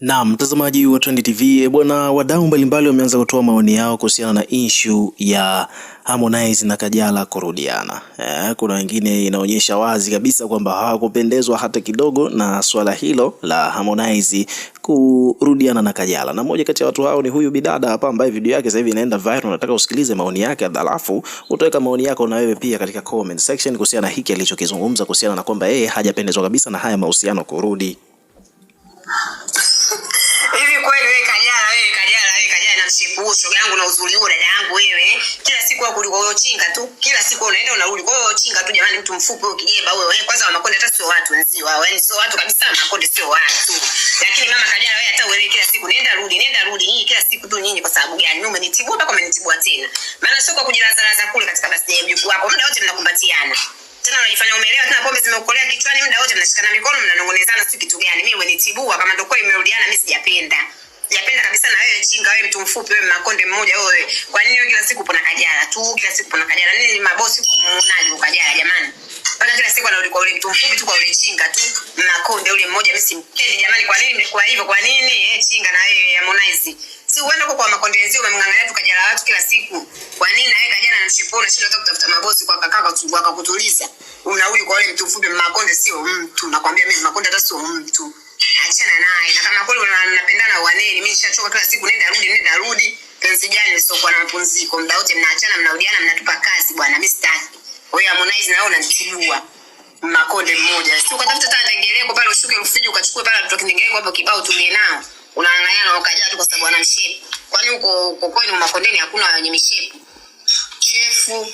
Na mtazamaji wa Trend TV eh, bwana, wadau mbalimbali wameanza kutoa maoni yao kuhusiana na issue ya Harmonize na Kajala kurudiana. Eh, kuna wengine inaonyesha wazi kabisa kwamba hawakupendezwa hata kidogo na swala hilo la Harmonize kurudiana na Kajala, na mmoja kati ya watu hao ni huyu bidada hapa ambaye video yake sasa hivi inaenda viral. Nataka usikilize maoni yake, dhalafu utaweka maoni yako na wewe pia katika comment section kuhusiana na hiki alichokizungumza kuhusiana na kwamba yeye hajapendezwa kabisa na haya mahusiano kurudi. relationship shoga yangu, na uzuri huo, dada yangu, wewe kila siku wako kuliko wewe, chinga tu, kila siku unaenda unarudi. Kwa hiyo chinga tu jamani, mtu mfupi ukijeba wewe, wewe kwanza wa hata sio watu wenzio wao, yani sio watu kabisa, Makonde sio watu. Lakini mama Kajala, wewe hata uelewe, kila siku nenda rudi, nenda rudi, hii kila siku tu nyinyi. Kwa sababu gani? Mimi umenitibua mpaka umenitibua tena, maana sio kwa kujilazalaza kule katika basi ya mjukuu wako, muda wote mnakumbatiana tena unajifanya umeelewa, tena pombe zimeukolea kichwani, muda wote mnashikana mikono, mnanongonezana, sio kitu gani? Mimi wewe ni tibu kama ndio kwa imerudiana, mimi sijapenda yapenda kabisa na wewe chinga wewe mtu mfupi wewe makonde mmoja wewe kwa nini kila siku pona kajala tu kila siku pona kajala nini ni mabosi kwa muonaji kwa kajara jamani mpaka kila siku anarudi kwa ule mtu mfupi tu kwa ule chinga tu makonde ule mmoja mimi simpendi jamani kwa nini mlikuwa hivyo kwa nini eh chinga na wewe harmonize si uende kwa kwa makonde wenzio umemngangania tu kajala watu kila siku kwa nini na wewe kajala na mshipona shida hata kutafuta mabosi kwa kakaka wakakutuliza unarudi kwa ule mtu mfupi makonde sio mtu nakwambia mimi makonde hata sio mtu achana naye na kama kweli unapendana nishachoka kila siku nenda rudi nenda rudi. Penzi gani lisiokuwa na mapumziko? Muda wote mnaachana, mnarudiana, mnatupa kazi bwana, mimi sitaki. Kwa hiyo Harmonize na wewe unanichilua makonde mmoja, sio ukatafuta tena dengeleko pale, ushuke Rufiji ukachukue pale watoto kindengeleko hapo kibao, tulie nao unaangaliana ukajaa tu, kwa sababu ana mshepu. Kwani huko huko kwenu makondeni hakuna wenye mishepu chefu?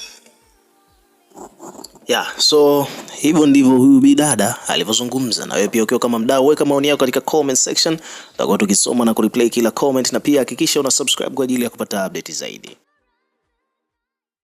ya Yeah, so Hivyo ndivyo huyu bidada alivyozungumza, na wewe pia ukiwa kama mdau, weka maoni yako katika comment section, tutakuwa tukisoma na kureplay kila comment, na pia hakikisha una subscribe kwa ajili ya kupata update zaidi.